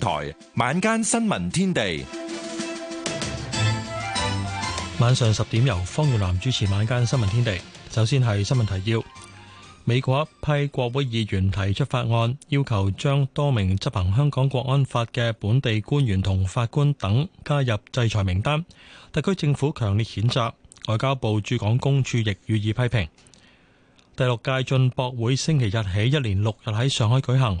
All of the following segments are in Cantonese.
台晚間新聞天地，晚上十點由方月南主持晚間新聞天地。首先係新聞提要：美國一批國會議員提出法案，要求將多名執行香港國安法嘅本地官員同法官等加入制裁名單。特區政府強烈譴責，外交部駐港公署亦予以批評。第六屆進博會星期日起，一連六日喺上海舉行。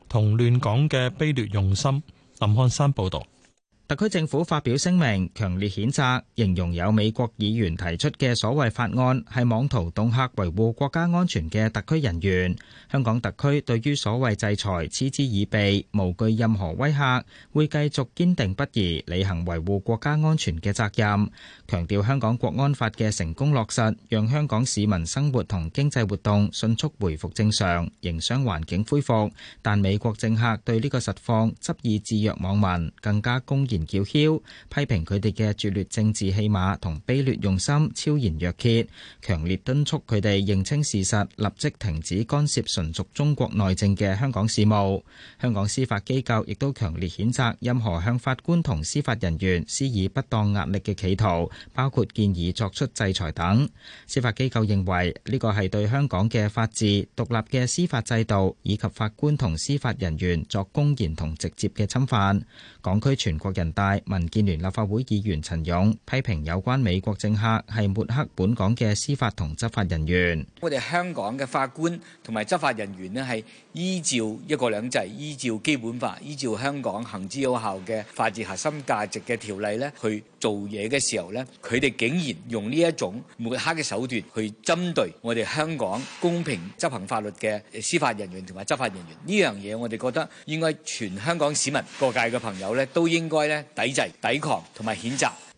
同亂講嘅卑劣用心。林漢山報導。特區政府發表聲明，強烈譴責，形容有美國議員提出嘅所謂法案係妄圖恫嚇維護國家安全嘅特區人員。香港特區對於所謂制裁，嗤之以鼻，無懼任何威嚇，會繼續堅定不移履行維護國家安全嘅責任。強調香港國安法嘅成功落實，讓香港市民生活同經濟活動迅速回復正常，營商環境恢復。但美國政客對呢個實況執意制約網民，更加公然。叫囂，批評佢哋嘅拙劣政治戲碼同卑劣用心，昭然若揭，強烈敦促佢哋認清事實，立即停止干涉純屬中國內政嘅香港事務。香港司法機構亦都強烈譴責任何向法官同司法人員施以不當壓力嘅企圖，包括建議作出制裁等。司法機構認為呢個係對香港嘅法治、獨立嘅司法制度以及法官同司法人員作公然同直接嘅侵犯。港區全國人人大民建聯立法會議員陳勇批評有關美國政客係抹黑本港嘅司法同執法人員。我哋香港嘅法官同埋執法人員呢，係依照一國兩制、依照基本法、依照香港行之有效嘅法治核心價值嘅條例呢去。做嘢嘅時候咧，佢哋竟然用呢一種抹黑嘅手段去針對我哋香港公平執行法律嘅司法人員同埋執法人員。呢樣嘢，我哋覺得應該全香港市民各界嘅朋友咧，都應該咧抵制、抵抗同埋譴責。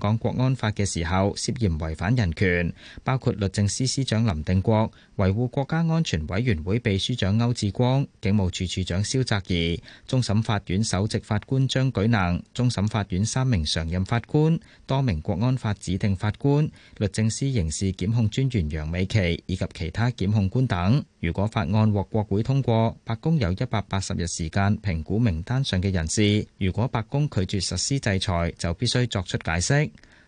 講《國安法》嘅時候涉嫌違反人權，包括律政司司長林定國、維護國家安全委員會秘書長歐志光、警務處處長蕭澤頤、終審法院首席法官張舉能、終審法院三名常任法官、多名國安法指定法官、律政司刑事檢控專員楊美琪以及其他檢控官等。如果法案獲國會通過，白宮有一百八十日時間評估名單上嘅人士。如果白宮拒絕實施制裁，就必須作出解釋。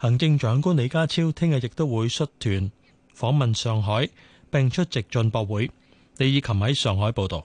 行政長官李家超聽日亦都會率團訪問上海，並出席進博會。李以琴喺上海報道。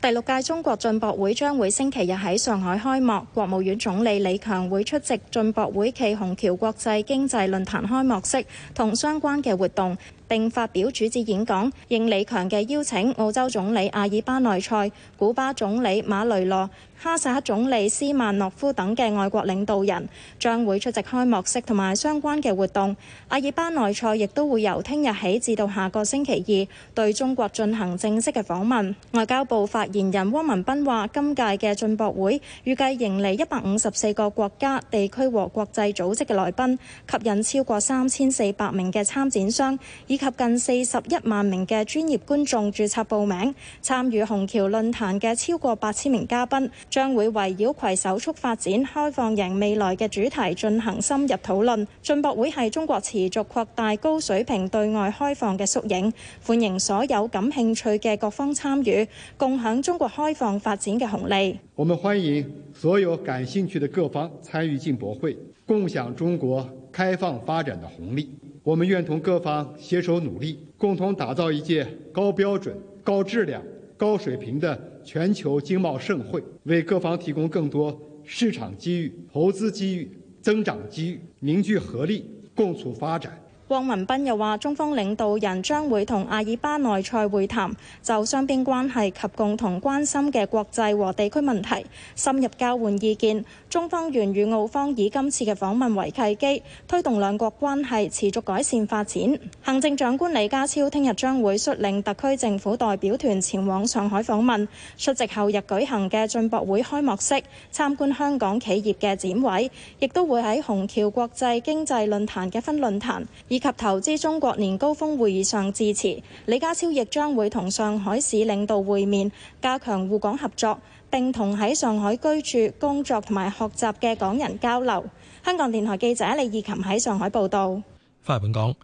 第六屆中國進博會將會星期日喺上海開幕，國務院總理李強會出席進博會暨虹橋國際經濟論壇開幕式同相關嘅活動，並發表主旨演講。應李強嘅邀請，澳洲總理阿爾巴內塞、古巴總理馬雷諾、哈薩克總理斯曼諾夫等嘅外國領導人將會出席開幕式同埋相關嘅活動。阿爾巴內塞亦都會由聽日起至到下個星期二對中國進行正式嘅訪問。外交部發言人汪文斌話，今屆嘅進博會預計迎嚟一百五十四個國家、地區和國際組織嘅來賓，吸引超過三千四百名嘅參展商，以及近四十一萬名嘅專業觀眾註冊報名，參與虹橋論壇嘅超過八千名嘉賓。將會圍繞攜手促發展、開放型未來嘅主題進行深入討論。進博會係中國持續擴大高水平對外開放嘅縮影，歡迎所有感興趣嘅各方參與，共享中國開放發展嘅紅利。我們歡迎所有感興趣的各方參與進博會，共享中國開放發展的紅利。我們願同各方攜手努力，共同打造一屆高標準、高質量、高水平的。全球經貿盛會，為各方提供更多市場機遇、投資機遇、增長機遇，凝聚合力，共促發展。汪文斌又話中方領導人將會同阿爾巴內塞會談，就雙邊關係及共同關心嘅國際和地區問題深入交換意見。中方願與澳方以今次嘅訪問為契機，推動兩國關係持續改善發展。行政長官李家超聽日將會率領特區政府代表團前往上海訪問，出席後日舉行嘅進博會開幕式，參觀香港企業嘅展位，亦都會喺虹橋國際經濟論壇嘅分論壇。以及投資中國年高峰會議上致辭，李家超亦將會同上海市領導會面，加強滬港合作，並同喺上海居住、工作同埋學習嘅港人交流。香港電台記者李義琴喺上海報道。翻嚟本港，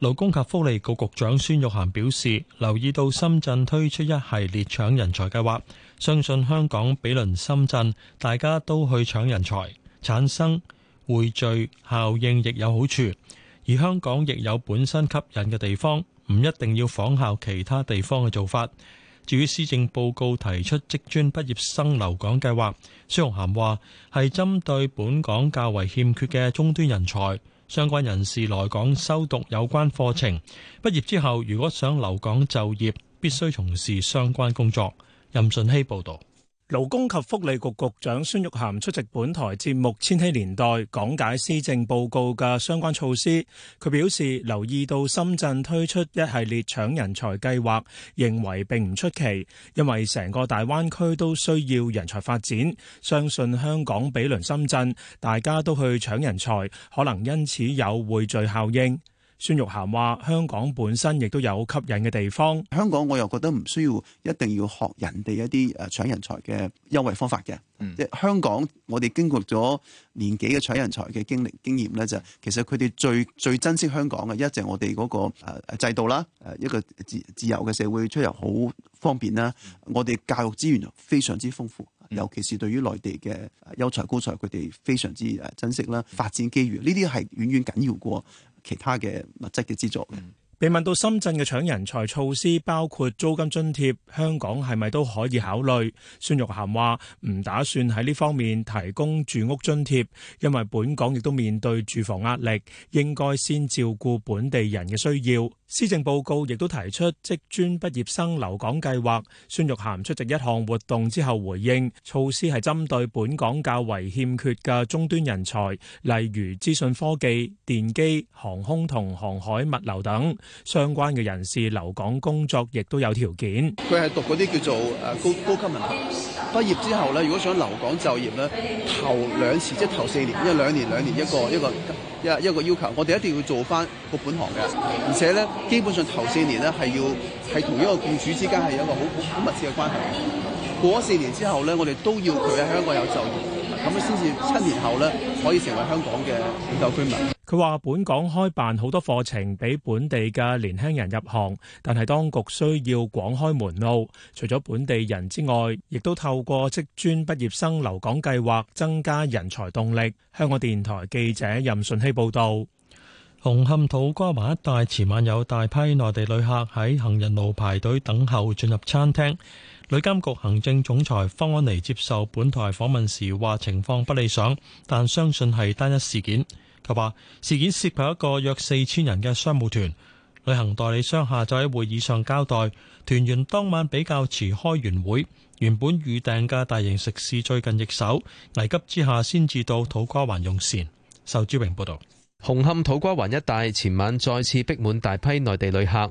勞工及福利局局長孫玉菡表示，留意到深圳推出一系列搶人才計劃，相信香港毗鄰深圳，大家都去搶人才，產生匯聚效應，亦有好處。而香港亦有本身吸引嘅地方，唔一定要仿效其他地方嘅做法。至於施政報告提出職專畢業生留港計劃，孫玉菡話，係針對本港較為欠缺嘅中端人才，相關人士來港修讀有關課程，畢業之後如果想留港就業必須從事相關工作。任順希報道。勞工及福利局局長孫玉菡出席本台節目《千禧年代》，講解施政報告嘅相關措施。佢表示留意到深圳推出一系列搶人才計劃，認為並唔出奇，因為成個大灣區都需要人才發展。相信香港毗鄰深圳，大家都去搶人才，可能因此有匯聚效應。孫玉菡話：香港本身亦都有吸引嘅地方。香港我又覺得唔需要一定要學人哋一啲誒搶人才嘅優惠方法嘅。即係、嗯、香港，我哋經過咗年幾嘅搶人才嘅經歷經驗咧，就其實佢哋最最珍惜香港嘅，一直我哋嗰個誒制度啦，誒一個自自由嘅社會，出入好方便啦。我哋教育資源非常之豐富，尤其是對於內地嘅優才高才，佢哋非常之誒珍惜啦，發展機遇呢啲係遠遠緊要過其他嘅物質嘅資助。被問到深圳嘅搶人才措施包括租金津貼，香港係咪都可以考慮？孫玉菡話唔打算喺呢方面提供住屋津貼，因為本港亦都面對住房壓力，應該先照顧本地人嘅需要。施政報告亦都提出職專畢業生留港計劃。孫玉菡出席一項活動之後回應，措施係針對本港較為欠缺嘅中端人才，例如資訊科技、電機、航空同航海物流等相關嘅人士留港工作，亦都有條件。佢係讀嗰啲叫做誒高高級文憑，畢業之後呢，如果想留港就業呢，頭兩次即係頭四年，因為兩年兩年一個一個。一個一一個要求，我哋一定要做翻個本行嘅，而且咧基本上頭四年咧係要係同一個僱主之間係有一個好好密切嘅關係，過咗四年之後咧，我哋都要佢喺香港有就業。咁樣先至七年後咧，可以成為香港嘅永久居民。佢話：本港開辦好多課程，俾本地嘅年輕人入行，但係當局需要廣開門路，除咗本地人之外，亦都透過職專畢業生留港計劃增加人才動力。香港電台記者任順希報導。紅磡土瓜灣一帶前晚有大批內地旅客喺行人路排隊等候進入餐廳。旅監局行政總裁方安妮接受本台訪問時話，情況不理想，但相信係單一事件。佢話事件涉及一個約四千人嘅商務團。旅行代理商下晝喺會議上交代，團員當晚比較遲開完會，原本預訂嘅大型食肆最近易手，危急之下先至到土瓜灣用膳。仇志榮報道，紅磡土瓜灣一帶前晚再次逼滿大批內地旅客。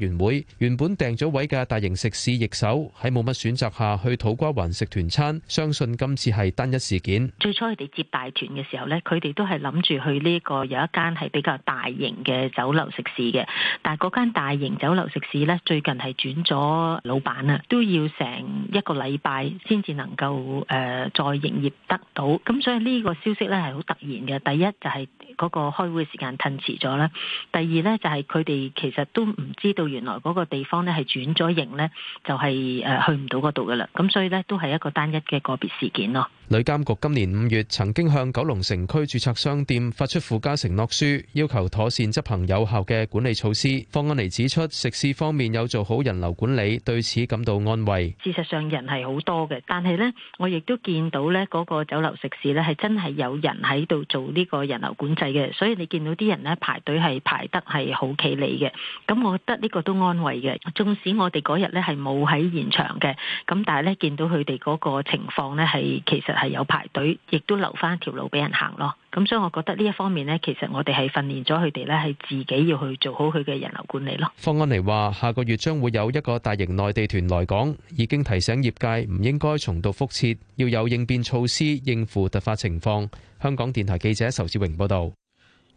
員會原本訂咗位嘅大型食肆易手，喺冇乜選擇下，去土瓜灣食團餐。相信今次係單一事件。最初佢哋接大團嘅時候呢，佢哋都係諗住去呢個有一間係比較大型嘅酒樓食肆嘅，但係嗰間大型酒樓食肆呢，最近係轉咗老闆啦，都要成一個禮拜先至能夠誒再營業得到。咁所以呢個消息呢，係好突然嘅。第一就係。嗰個開會時間褪遲咗啦。第二呢，就係佢哋其實都唔知道原來嗰個地方呢係轉咗型呢就係、是、誒、呃、去唔到嗰度噶啦，咁所以呢，都係一個單一嘅個別事件咯。旅監局今年五月曾經向九龍城區註冊商店發出附加承諾書，要求妥善執行有效嘅管理措施。方恩妮指出，食肆方面有做好人流管理，對此感到安慰。事實上人係好多嘅，但係呢，我亦都見到呢嗰個酒樓食肆呢係真係有人喺度做呢個人流管制嘅，所以你見到啲人呢排隊係排得係好企理嘅。咁我覺得呢個都安慰嘅。縱使我哋嗰日呢係冇喺現場嘅，咁但係呢見到佢哋嗰個情況呢係其實，係有排隊，亦都留翻一條路俾人行咯。咁所以，我覺得呢一方面呢，其實我哋係訓練咗佢哋呢係自己要去做好佢嘅人流管理咯。方安妮話：下個月將會有一個大型內地團來港，已經提醒業界唔應該重蹈覆轍，要有應變措施應付突發情況。香港電台記者仇志榮報導。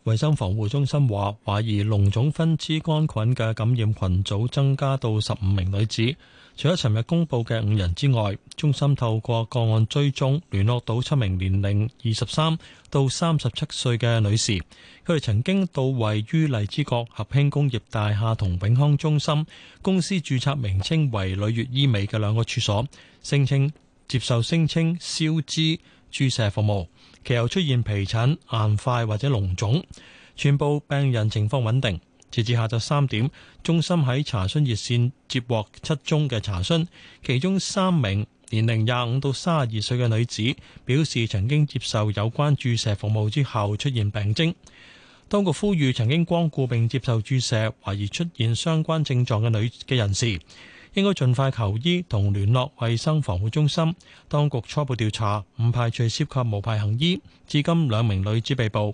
衞生防護中心話，懷疑膿腫分枝桿菌嘅感染群組增加到十五名女子。除咗尋日公布嘅五人之外，中心透過個案追蹤聯絡到七名年齡二十三到三十七歲嘅女士，佢哋曾經到位於荔枝角合興工業大廈同永康中心公司註冊名稱為裏月醫美嘅兩個處所，聲稱接受聲稱消脂注射服務，其後出現皮疹、硬塊或者膿腫，全部病人情況穩定。截至下晝三點，中心喺查詢熱線接獲七宗嘅查詢，其中三名年齡廿五到三十二歲嘅女子表示曾經接受有關注射服務之後出現病徵。當局呼籲曾經光顧並接受注射，懷疑出現相關症狀嘅女嘅人士，應該盡快求醫同聯絡衛生防護中心。當局初步調查，唔排除涉及無牌行醫，至今兩名女子被捕。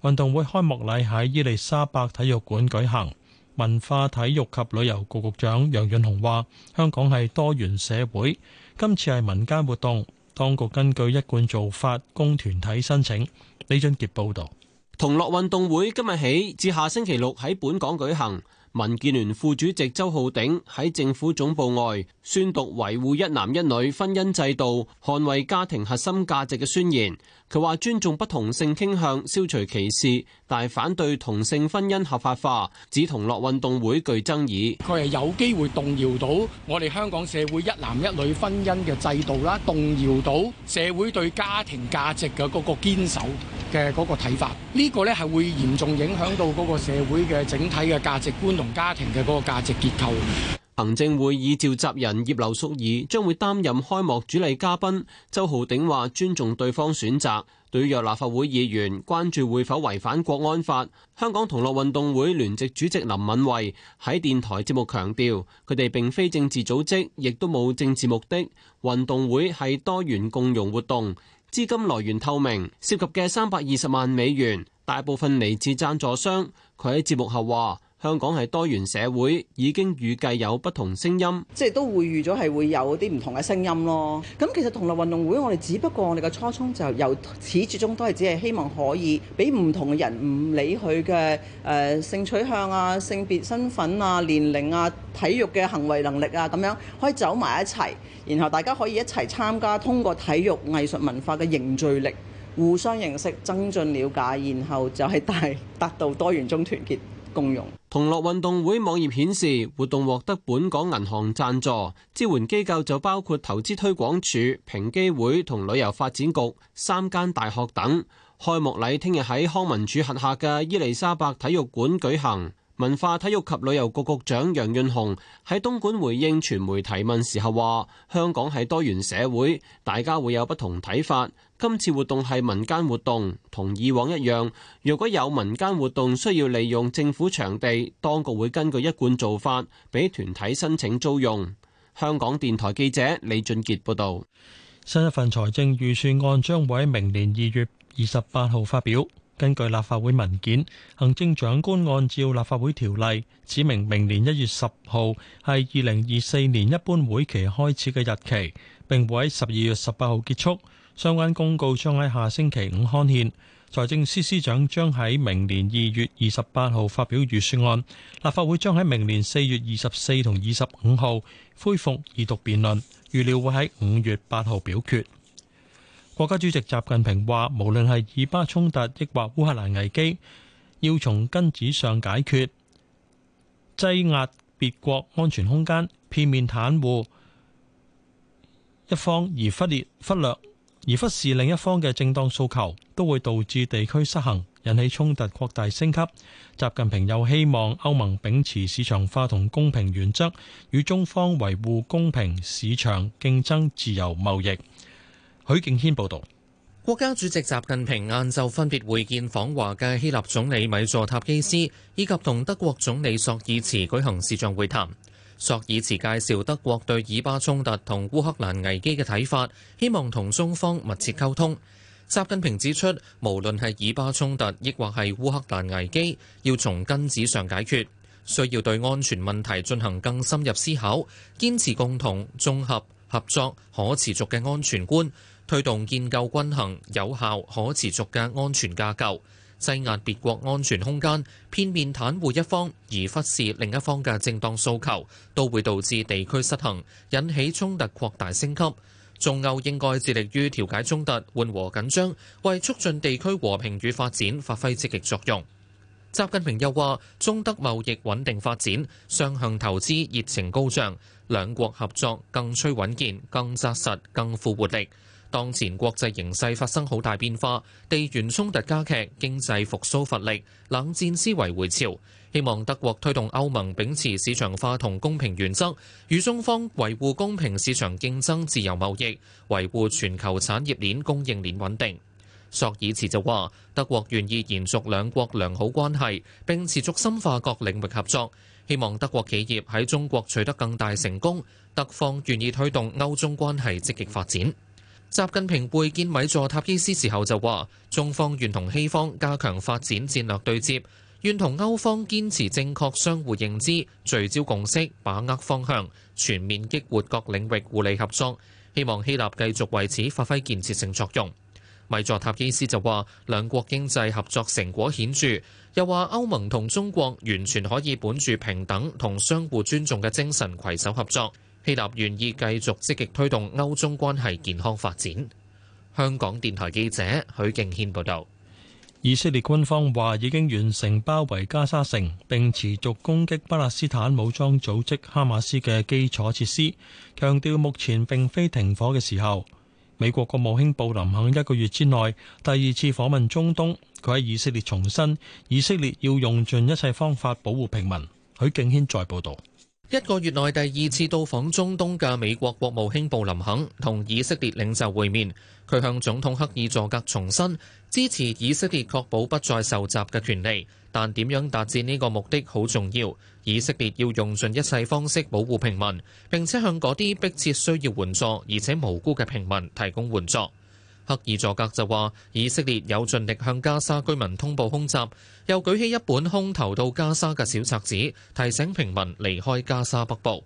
運動會開幕禮喺伊利沙伯體育館舉行。文化體育及旅遊局局長楊潤雄話，香港係多元社會，今次係民間活動，當局根據一貫做法，供團體申請。李俊傑報道。同樂運動會今日起至下星期六喺本港舉行。民建聯副主席周浩鼎喺政府總部外宣讀維護一男一女婚姻制度、捍衛家庭核心價值嘅宣言。佢話尊重不同性傾向，消除歧視。大反對同性婚姻合法化，指同樂運動會具爭議。佢係有機會動搖到我哋香港社會一男一女婚姻嘅制度啦，動搖到社會對家庭價值嘅嗰個堅守嘅嗰個睇法。呢個呢係會嚴重影響到嗰個社會嘅整體嘅價值觀同家庭嘅嗰個價值結構。行政會議召集人葉劉淑儀將會擔任開幕主禮嘉賓。周浩鼎話：尊重對方選擇。對於立法會議員關注會否違反國安法，香港同樂運動會聯席主席林敏惠喺電台節目強調，佢哋並非政治組織，亦都冇政治目的。運動會係多元共融活動，資金來源透明，涉及嘅三百二十萬美元大部分嚟自贊助商。佢喺節目後話。香港係多元社會，已經預計有不同聲音，即係都會預咗係會有啲唔同嘅聲音咯。咁其實同樂運動會，我哋只不過我哋嘅初衷就由始至終都係只係希望可以俾唔同嘅人，唔理佢嘅誒性取向啊、性別身份啊、年齡啊、體育嘅行為能力啊，咁樣可以走埋一齊，然後大家可以一齊參加，通過體育、藝術、文化嘅凝聚力，互相認識、增進了解，然後就係大達到多元中團結共融。同樂運動會網頁顯示，活動獲得本港銀行贊助，支援機構就包括投資推廣署、平機會同旅遊發展局三間大學等。開幕禮聽日喺康文署轄下嘅伊麗莎白體育館舉行。文化、體育及旅遊局局長楊潤雄喺東莞回應傳媒提問時候話：香港係多元社會，大家會有不同睇法。今次活動係民間活動，同以往一樣。若果有民間活動需要利用政府場地，當局會根據一貫做法，俾團體申請租用。香港電台記者李俊傑報導。新一份財政預算案將會喺明年二月二十八號發表。根據立法會文件，行政長官按照立法會條例指明，明年一月十號係二零二四年一般會期開始嘅日期，並會喺十二月十八號結束。相關公告將喺下星期五刊憲。財政司司長將喺明年二月二十八號發表預算案，立法會將喺明年四月二十四同二十五號恢復二讀辯論，預料會喺五月八號表決。國家主席習近平話，無論係以巴衝突，抑或烏克蘭危機，要從根子上解決，擠壓別國安全空間，片面袒護一方而忽略、忽略而忽視另一方嘅正當訴求，都會導致地區失衡，引起衝突擴大升級。習近平又希望歐盟秉持市場化同公平原則，與中方維護公平市場、競爭、自由貿易。許敬軒報道：國家主席習近平晏晝分別會見訪華嘅希臘總理米佐塔基斯，以及同德國總理索爾茨舉行視像會談。索爾茨介紹德國對以巴衝突同烏克蘭危機嘅睇法，希望同中方密切溝通。習近平指出，無論係以巴衝突，抑或係烏克蘭危機，要從根子上解決，需要對安全問題進行更深入思考，堅持共同、綜合、合作、可持續嘅安全觀。推動建構均衡、有效、可持續嘅安全架構，擠壓別國安全空間，片面袒護一方而忽視另一方嘅正當訴求，都會導致地區失衡，引起衝突擴大升級。中歐應該致力於調解衝突，緩和緊張，為促進地區和平與發展發揮積極作用。習近平又話：中德貿易穩定發展，雙向投資熱情高漲，兩國合作更趨穩健、更紮實、更富活力。當前國際形勢發生好大變化，地緣衝突加劇，經濟復甦乏、乏力，冷戰思維回潮。希望德國推動歐盟秉持市場化同公平原則，與中方維護公平市場競爭、自由貿易，維護全球產業鏈供應鏈穩定。索爾茨就話：德國願意延續兩國良好關係，並持續深化各領域合作。希望德國企業喺中國取得更大成功。德方願意推動歐中關係積極發展。習近平會見米佐塔基斯時候就話：中方願同希方加強發展戰略對接，願同歐方堅持正確相互認知，聚焦共識，把握方向，全面激活各領域互利合作。希望希臘繼續為此發揮建設性作用。米佐塔基斯就話：兩國經濟合作成果顯著，又話歐盟同中國完全可以本住平等同相互尊重嘅精神攜手合作。希臘願意繼續積極推動歐中關係健康發展。香港電台記者許敬軒報導。以色列官方話已經完成包圍加沙城，並持續攻擊巴勒斯坦武裝組織哈馬斯嘅基礎設施，強調目前並非停火嘅時候。美國國務卿布林肯一個月之內第二次訪問中東，佢喺以色列重申以色列要用盡一切方法保護平民。許敬軒再報導。一個月內第二次到訪中東嘅美國國務卿布林肯同以色列領袖會面，佢向總統赫爾佐格重申支持以色列確保不再受襲嘅權利，但點樣達至呢個目的好重要。以色列要用盡一切方式保護平民，並且向嗰啲迫切需要援助而且無辜嘅平民提供援助。克爾佐格就話：以色列有盡力向加沙居民通報空襲，又舉起一本空投到加沙嘅小冊子，提醒平民離開加沙北部。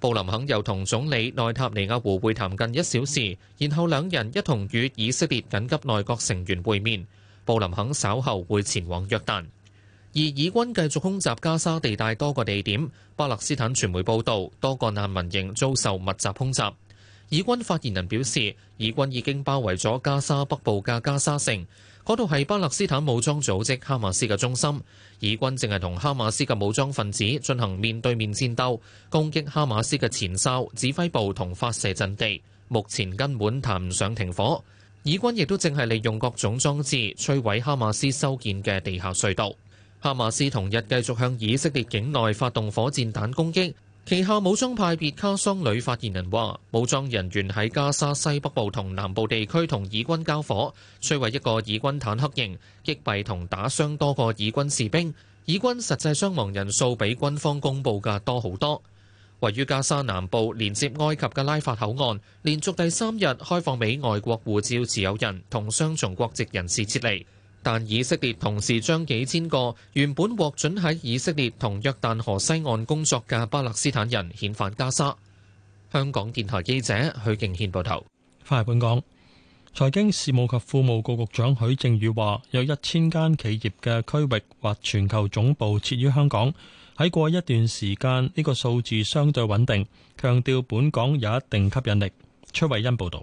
布林肯又同總理內塔尼亞胡會談近一小時，然後兩人一同與以色列緊急內閣成員會面。布林肯稍後會前往約旦，而以軍繼續空襲加沙地帶多個地點。巴勒斯坦傳媒報導，多個難民營遭受密集空襲。以軍發言人表示，以軍已經包圍咗加沙北部嘅加沙城，嗰度係巴勒斯坦武裝組織哈馬斯嘅中心。以軍正係同哈馬斯嘅武裝分子進行面對面戰鬥，攻擊哈馬斯嘅前哨、指揮部同發射陣地。目前根本談唔上停火。以軍亦都正係利用各種裝置摧毀哈馬斯修建嘅地下隧道。哈馬斯同日繼續向以色列境內發動火箭彈攻擊。旗下武裝派別卡桑旅發言人話：武裝人員喺加沙西北部同南部地區同以軍交火，摧毀一個以軍坦克營，擊斃同打傷多個以軍士兵。以軍實際傷亡人數比軍方公佈嘅多好多。位於加沙南部連接埃及嘅拉法口岸，連續第三日開放俾外國護照持有人同雙重國籍人士撤離。但以色列同時將幾千個原本獲准喺以色列同約旦河西岸工作嘅巴勒斯坦人遣返加沙。香港電台記者許敬軒報道。翻嚟本港，財經事務及庫務局局長許正宇話：有一千間企業嘅區域或全球總部設於香港，喺過一段時間呢、這個數字相對穩定，強調本港有一定吸引力。崔惠恩報導。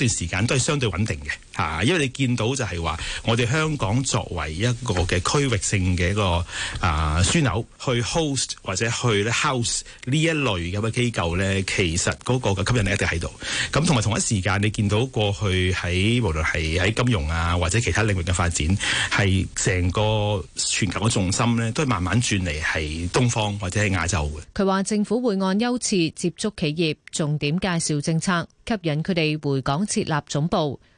段時間都係相對穩定嘅。啊，因為你見到就係話，我哋香港作為一個嘅區域性嘅一個啊，樞、呃、紐 去 host 或者去咧 house 呢一類咁嘅機構咧，其實嗰個嘅吸引力一定喺度。咁同埋同一時間，你見到過去喺無論係喺金融啊或者其他領域嘅發展，係成個全球嘅重心咧，都係慢慢轉嚟係東方或者係亞洲嘅。佢話政府會按優次接觸企業，重點介紹政策，吸引佢哋回港設立總部。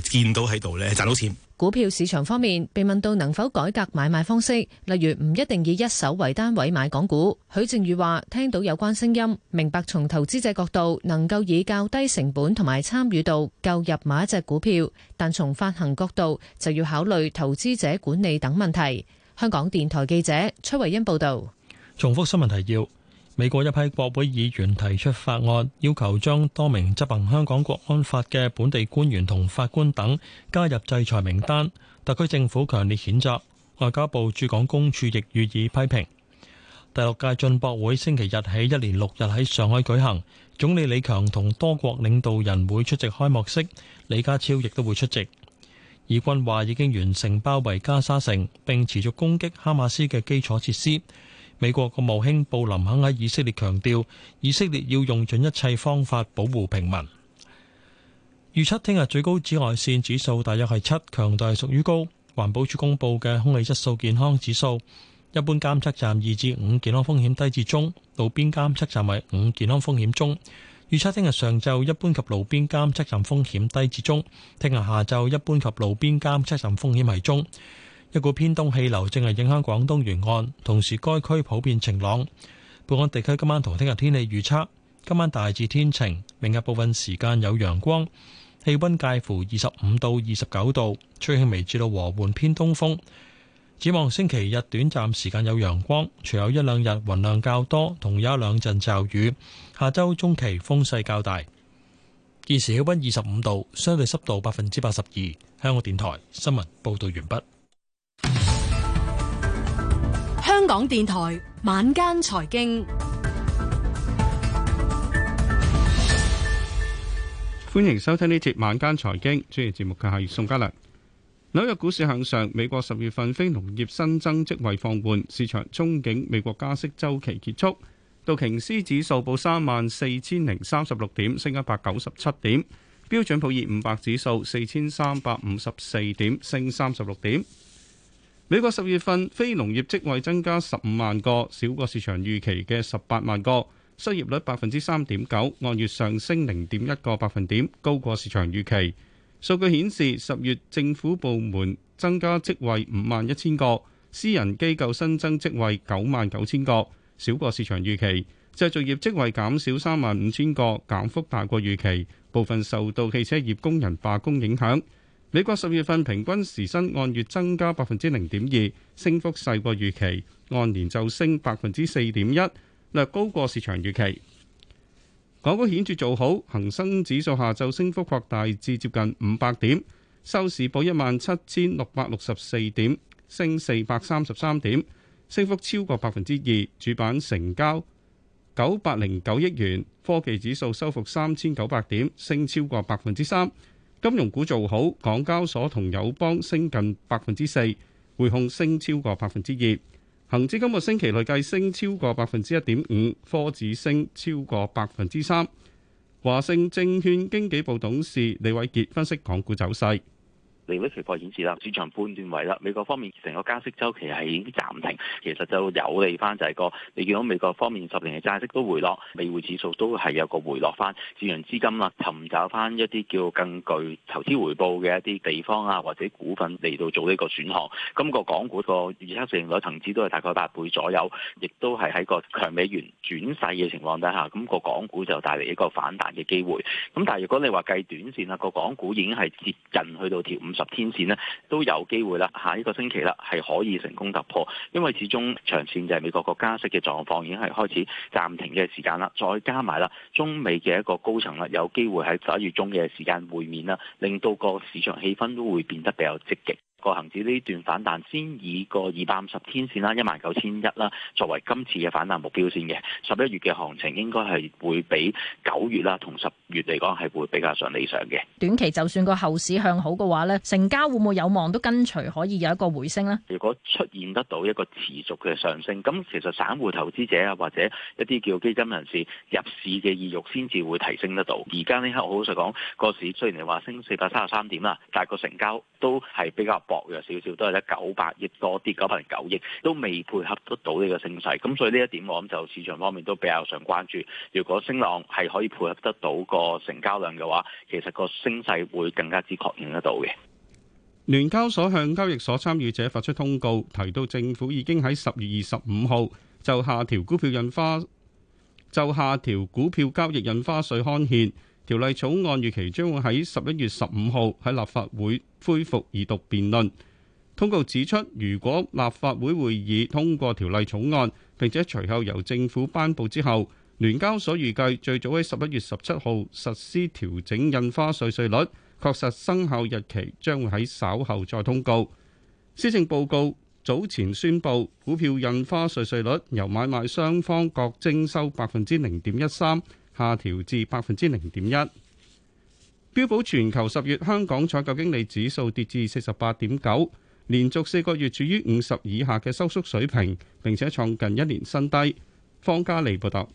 見到喺度呢，賺到錢。股票市場方面，被問到能否改革買賣方式，例如唔一定以一手為單位買港股。許正宇話：聽到有關聲音，明白從投資者角度能夠以較低成本同埋參與度購入買一隻股票，但從發行角度就要考慮投資者管理等問題。香港電台記者崔維恩報道。重複新聞提要。美國一批國會議員提出法案，要求將多名執行香港國安法嘅本地官員同法官等加入制裁名單。特區政府強烈譴責，外交部駐港公署亦予以批評。第六屆進博會星期日起一連六日喺上海舉行，總理李強同多國領導人會出席開幕式，李家超亦都會出席。以軍話已經完成包圍加沙城，並持續攻擊哈馬斯嘅基礎設施。美國國務卿布林肯喺以色列強調，以色列要用盡一切方法保護平民。預測聽日最高紫外線指數大約係七，強度係屬於高。環保署公布嘅空氣質素健康指數，一般監測站二至五，健康風險低至中；路邊監測站係五，健康風險中。預測聽日上晝一般及路邊監測站風險低至中，聽日下晝一般及路邊監測站風險係中。一股偏東氣流正係影響廣東沿岸，同時該區普遍晴朗。本港地區今晚同聽日天氣預測：今晚大致天晴，明日部分時間有陽光，氣温介乎二十五到二十九度，吹輕微至到和緩偏東風。展望星期日短暫時間有陽光，除有一兩日雲量較多，同有一兩陣驟雨。下週中期風勢較大，現時氣温二十五度，相對濕度百分之八十二。香港電台新聞報導完畢。港電台晚間財經，歡迎收聽呢節晚間財經，主持節目嘅係宋嘉良。紐約股市向上，美國十月份非農業新增職位放緩，市場憧憬美國加息週期結束。道瓊斯指數報三萬四千零三十六點，升一百九十七點；標準普爾五百指數四千三百五十四點，升三十六點。美國十月份非農業職位增加十五萬個，少過市場預期嘅十八萬個，失業率百分之三點九，按月上升零點一個百分點，高過市場預期。數據顯示，十月政府部門增加職位五萬一千個，私人機構新增職位九萬九千個，少過市場預期。製造業職位減少三萬五千個，減幅大過預期，部分受到汽車業工人罷工影響。美國十月份平均時薪按月增加百分之零點二，升幅細過預期，按年就升百分之四點一，略高過市場預期。港股顯著做好，恒生指數下晝升幅擴大至接近五百點，收市報一萬七千六百六十四點，升四百三十三點，升幅超過百分之二。主板成交九百零九億元，科技指數收復三千九百點，升超過百分之三。金融股做好，港交所同友邦升近百分之四，匯控升超過百分之二，恒指今個星期累計升超過百分之一點五，科指升超過百分之三。華盛證券經紀部董事李偉傑分析港股走勢。利率期貨顯示啦，市場判斷為啦。美國方面成個加息周期係已經暫停，其實就有利翻就係個你見到美國方面十年嘅債息都回落，美匯指數都係有個回落翻，自然資金啦尋找翻一啲叫更具投資回報嘅一啲地方啊，或者股份嚟到做呢個選項。咁、那個港股個預測市盈率層次都係大概八倍左右，亦都係喺個強美元轉勢嘅情況底下，咁、那個港股就帶嚟一個反彈嘅機會。咁但係如果你話計短線啦，那個港股已經係接近去到跳五。十天線咧都有機會啦，下一個星期啦係可以成功突破，因為始終長線就係美國個加息嘅狀況已經係開始暫停嘅時間啦，再加埋啦，中美嘅一個高層啦有機會喺十一月中嘅時間會面啦，令到個市場氣氛都會變得比較積極。個恒指呢段反彈，先以個二百五十天線啦，一萬九千一啦，作為今次嘅反彈目標先嘅。十一月嘅行情應該係會比九月啦，同十月嚟講係會比較上理想嘅。短期就算個後市向好嘅話呢，成交會唔會有望都跟隨可以有一個回升呢？如果出現得到一個持續嘅上升，咁其實散戶投資者啊，或者一啲叫基金人士入市嘅意慾，先至會提升得到。而家呢刻好實講個市，雖然你話升四百三十三點啦，但係個成交都係比較。薄弱少少都係得九百億多啲，九百零九億都未配合得到呢個升勢，咁所以呢一點我諗就市場方面都比較想關注。如果升浪係可以配合得到個成交量嘅話，其實個升勢會更加之確認得到嘅。聯交所向交易所參與者發出通告提到，政府已經喺十月二十五號就下調股票印花就下調股票交易印花稅刊憲。條例草案預期將會喺十一月十五號喺立法會恢復二讀辯論。通告指出，如果立法會會議通過條例草案，並且隨後由政府頒布之後，聯交所預計最早喺十一月十七號實施調整印花稅稅率，確實生效日期將會喺稍後再通告。施政報告早前宣布，股票印花稅稅率由買賣雙方各徵收百分之零點一三。下調至百分之零點一。標普全球十月香港採購經理指數跌至四十八點九，連續四個月處於五十以下嘅收縮水平，並且創近一年新低。方家利報道，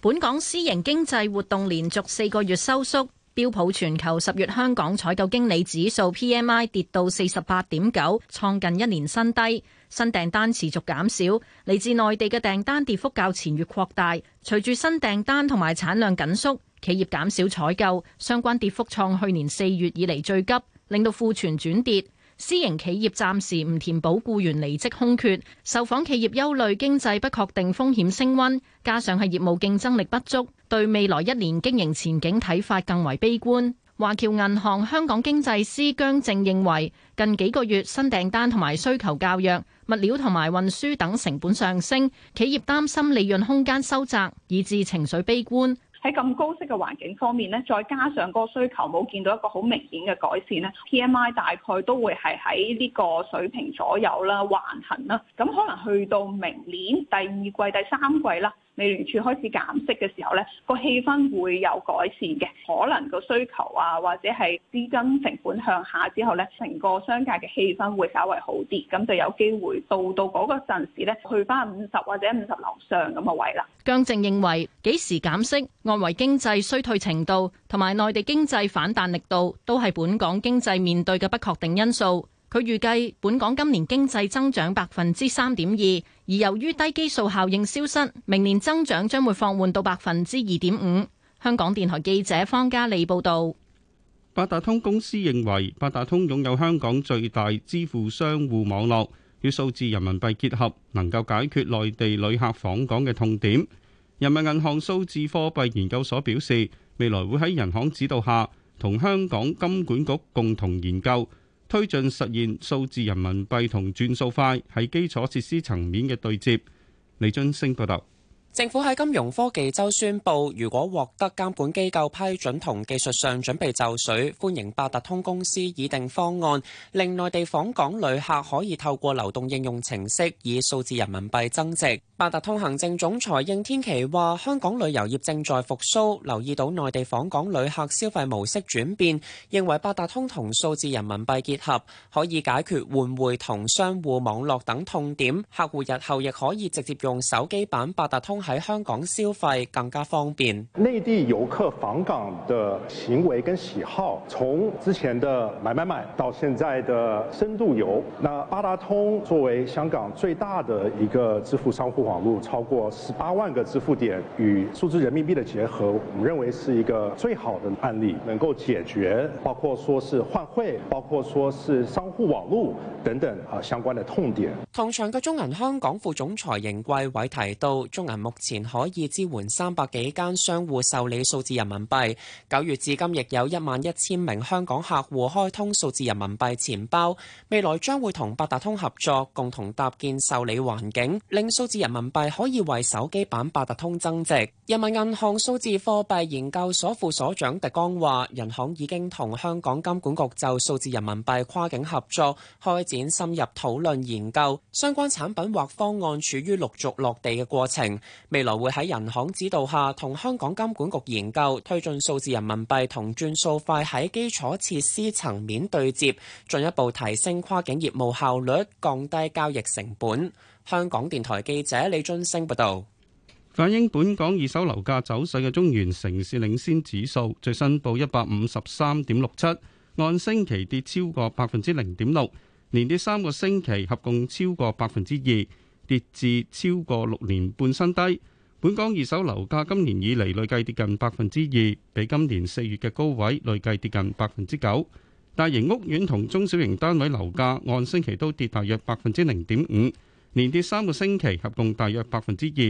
本港私營經濟活動連續四個月收縮，標普全球十月香港採購經理指數 PMI 跌到四十八點九，創近一年新低。新訂單持續減少，嚟自內地嘅訂單跌幅較前月擴大。隨住新訂單同埋產量緊縮，企業減少採購，相關跌幅創去年四月以嚟最急，令到庫存轉跌。私營企業暫時唔填補僱員離職空缺，受訪企業憂慮經濟不確定風險升溫，加上係業務競爭力不足，對未來一年經營前景睇法更為悲觀。華僑銀行香港經濟師姜正認為。近幾個月新訂單同埋需求較弱，物料同埋運輸等成本上升，企業擔心利潤空間收窄，以致情緒悲觀。喺咁高息嘅環境方面呢再加上個需求冇見到一個好明顯嘅改善咧，PMI 大概都會係喺呢個水平左右啦，橫行啦。咁可能去到明年第二季、第三季啦。美聯儲開始減息嘅時候呢，個氣氛會有改善嘅，可能個需求啊，或者係資金成本向下之後呢，成個商界嘅氣氛會稍微好啲，咁就有機會到到嗰個陣時呢，去返五十或者五十樓上咁嘅位啦。姜正認為幾時減息、外圍經濟衰退程度同埋內地經濟反彈力度都係本港經濟面對嘅不確定因素。佢預計本港今年經濟增長百分之三點二，而由於低基數效應消失，明年增長將會放緩到百分之二點五。香港電台記者方嘉利報導。八達通公司認為，八達通擁有香港最大支付商戶網絡，與數字人民幣結合，能夠解決內地旅客訪港嘅痛點。人民銀行數字貨幣研究所表示，未來會喺銀行指導下，同香港金管局共同研究。推進實現數字人民幣同轉數快係基礎設施層面嘅對接。李津升報道。政府喺金融科技周宣布，如果獲得監管機構批准同技術上準備就緒，歡迎八達通公司擬定方案，令內地訪港旅客可以透過流動應用程式以數字人民幣增值八達通。行政總裁應天琪話，香港旅遊業正在復甦，留意到內地訪港旅客消費模式轉變，認為八達通同數字人民幣結合可以解決換匯同商戶網絡等痛點，客戶日後亦可以直接用手機版八達通喺香港消費更加方便。內地遊客訪港的行為跟喜好，從之前的買買買到現在的深度遊。那八達通作為香港最大的一個支付商戶網絡，超過十八萬個支付點與數字人民幣的結合，我們認為是一個最好的案例，能夠解決包括說是換匯，包括說是商戶網絡等等啊，相關的痛點。同場嘅中銀香港副總裁邢桂偉提到，中銀目標前可以支援三百幾間商戶受理數字人民幣。九月至今亦有一萬一千名香港客戶開通數字人民幣錢包。未來將會同八達通合作，共同搭建受理環境，令數字人民幣可以為手機版八達通增值。人民銀行數字貨幣研究所副所長狄剛話，人行已經同香港金管局就數字人民幣跨境合作開展深入討論研究，相關產品或方案處於陸續落地嘅過程。未來會喺人行指導下，同香港金管局研究推進數字人民幣同轉數快喺基礎設施層面對接，進一步提升跨境業務效率，降低交易成本。香港電台記者李津升報道，反映本港二手樓價走勢嘅中原城市領先指數最新報一百五十三點六七，按星期跌超過百分之零點六，連跌三個星期，合共超過百分之二。跌至超過六年半新低。本港二手樓價今年以嚟累計跌近百分之二，比今年四月嘅高位累計跌近百分之九。大型屋苑同中小型單位樓價按星期都跌大約百分之零點五，連跌三個星期，合共大約百分之二，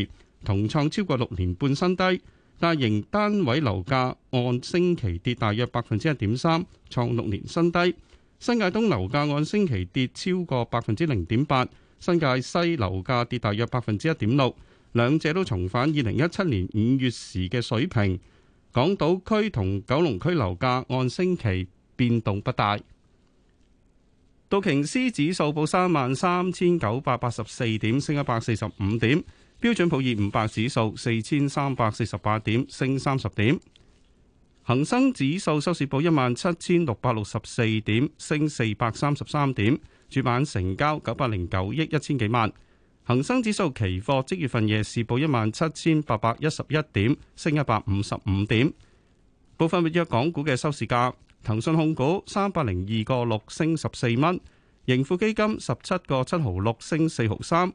同創超過六年半新低。大型單位樓價按星期跌大約百分之一點三，創六年新低。新界東樓價按星期跌超過百分之零點八。新界西樓價跌大約百分之一點六，兩者都重返二零一七年五月時嘅水平。港島區同九龍區樓價按星期變動不大。道瓊斯指數報三萬三千九百八十四點，升一百四十五點。標準普爾五百指數四千三百四十八點，升三十點。恒生指數收市報一萬七千六百六十四點，升四百三十三點。主板成交九百零九億一千幾萬，恒生指數期貨即月份夜市報一萬七千八百一十一點，升一百五十五點。部分活躍港股嘅收市價：騰訊控股三百零二個六升十四蚊，盈富基金十七個七毫六升四毫三，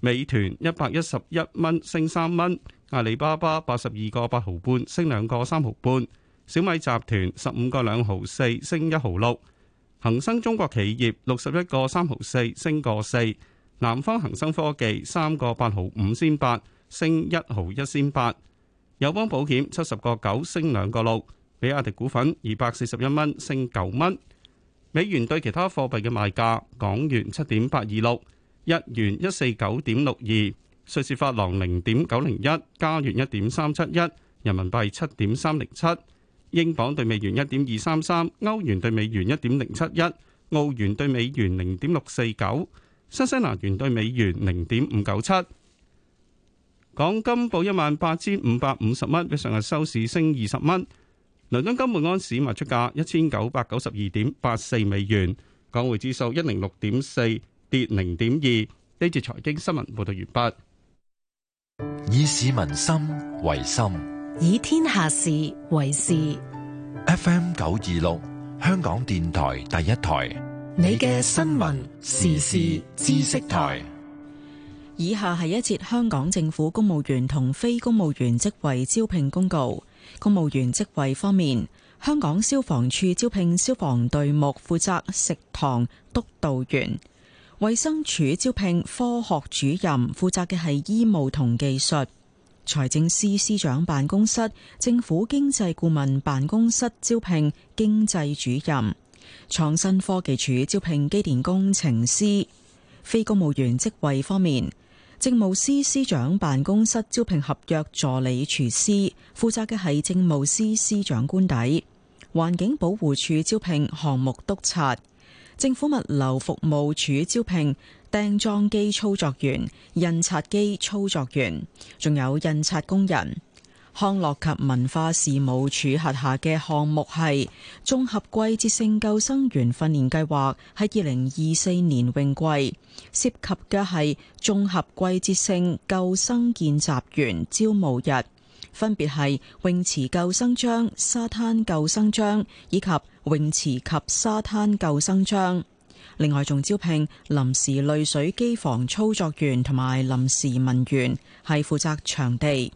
美團一百一十一蚊升三蚊，阿里巴巴八十二個八毫半升兩個三毫半，小米集團十五個兩毫四升一毫六。恒生中國企業六十一個三毫四升個四，南方恒生科技三個八毫五先八升一毫一先八，友邦保險七十個九升兩個六，比亞迪股份二百四十一蚊升九蚊，美元兌其他貨幣嘅賣價，港元七點八二六，日元一四九點六二，瑞士法郎零點九零一，加元一點三七一，人民幣七點三零七。英鎊兌美元一點二三三，歐元兌美元一點零七一，澳元兌美元零點六四九，新西蘭元兌美元零點五九七。港金報一萬八千五百五十蚊，比上日收市升二十蚊。倫敦金每安士賣出價一千九百九十二點八四美元。港匯指數一零六點四，跌零點二。呢節財經新聞報道完畢。以市民心為心。以天下事為事。FM 九二六，香港電台第一台，你嘅新聞時事知識台。以下係一節香港政府公務員同非公務員職位招聘公告。公務員職位方面，香港消防處招聘消防隊目，負責食堂督導員；衛生署招聘科學主任，負責嘅係醫務同技術。財政司司長辦公室、政府經濟顧問辦公室招聘經濟主任，創新科技署招聘機電工程師。非公務員職位方面，政務司司長辦公室招聘合約助理廚師，負責嘅係政務司司長官邸，環境保護署招聘項目督察。政府物流服務署招聘訂裝機操作員、印刷機操作員，仲有印刷工人。康樂及文化事務署轄下嘅項目係綜合季節性救生員訓練計劃，喺二零二四年泳季涉及嘅係綜合季節性救生見習員招募日，分別係泳池救生章、沙灘救生章以及。泳池及沙灘救生章，另外仲招聘臨時濾水機房操作員同埋臨時文員，係負責場地。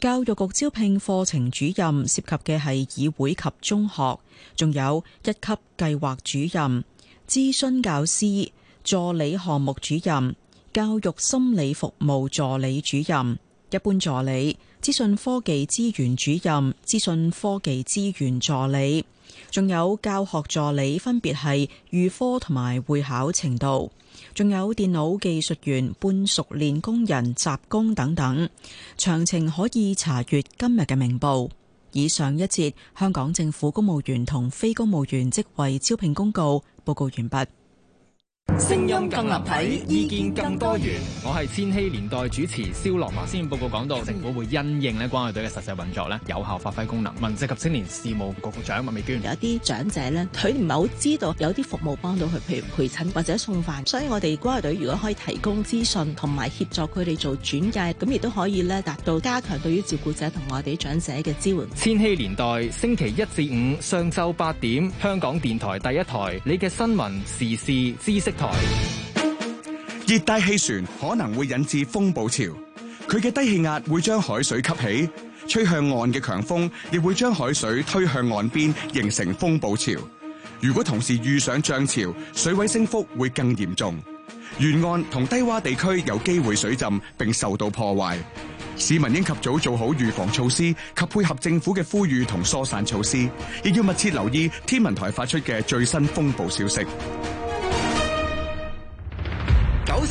教育局招聘課程主任，涉及嘅係議會及中學，仲有一級計劃主任、諮詢教師、助理項目主任、教育心理服務助理主任、一般助理、資訊科技資源主任、資訊科技資源助理。仲有教學助理，分別係預科同埋會考程度；仲有電腦技術員、半熟練工人、雜工等等。詳情可以查閱今日嘅明報。以上一節，香港政府公務員同非公務員職位招聘公告報告完畢。聲音更立體，意見更多元。我係千禧年代主持肖樂華。馬先報告講到，嗯、政府會因應咧關愛隊嘅實際運作咧，有效發揮功能。民政及青年事務局局長麥美娟：有啲長者咧，佢唔係好知道有啲服務幫到佢，譬如陪診或者送飯。所以我哋關愛隊如果可以提供資訊同埋協助佢哋做轉介，咁亦都可以咧達到加強對於照顧者同埋我哋長者嘅支援。千禧年代星期一至五上晝八點，香港電台第一台，你嘅新聞時事知識。台熱帶氣旋可能會引致風暴潮，佢嘅低氣壓會將海水吸起，吹向岸嘅強風亦會將海水推向岸邊，形成風暴潮。如果同時遇上漲潮，水位升幅會更嚴重，沿岸同低洼地區有機會水浸並受到破壞。市民應及早做好預防措施及配合政府嘅呼籲同疏散措施，亦要密切留意天文台發出嘅最新風暴消息。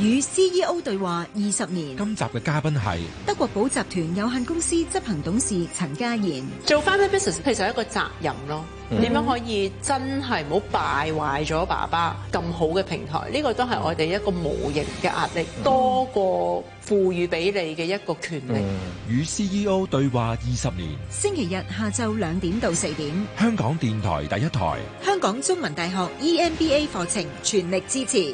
與 CEO 對話二十年，今集嘅嘉賓係德國寶集團有限公司執行董事陳家賢。做 Family Business 其實係一個責任咯，點樣、嗯、可以真係唔好敗壞咗爸爸咁好嘅平台？呢、呢個都係我哋一個無形嘅壓力，嗯、多過賦予俾你嘅一個權力。嗯、與 CEO 對話二十年，星期日下晝兩點到四點、嗯，香港電台第一台，香港中文大學 EMBA 課程全力支持。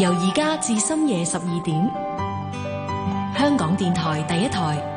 由而家至深夜十二點，香港電台第一台。